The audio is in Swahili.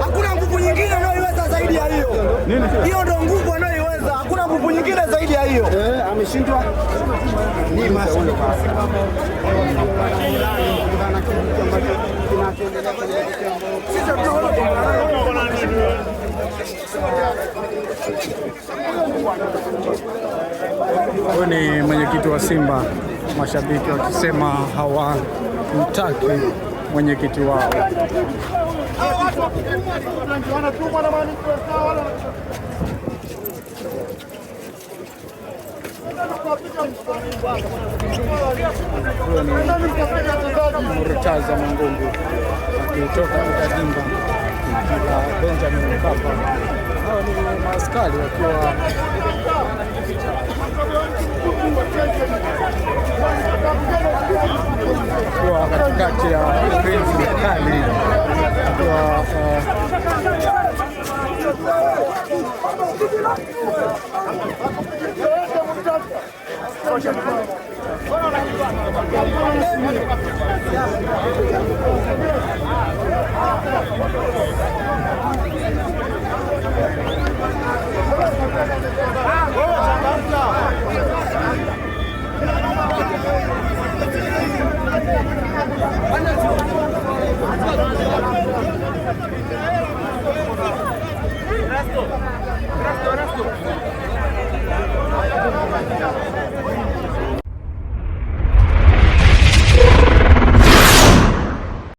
Hakuna nguvu nyingine anayoiweza zaidi ya hiyo. Hiyo ndio nguvu anayoiweza, hakuna nguvu nyingine zaidi ya hiyo. Eh, ameshindwa huyo ni mwenyekiti wa Simba, mashabiki wakisema hawamtaki mwenyekiti wao. Murtaza Mangungu akitoka Mkajimba Benjamin Mkapa. Hawa ni maaskari wakiwa 我刚才讲的是真实的，k 是假的。Rastro, rastro,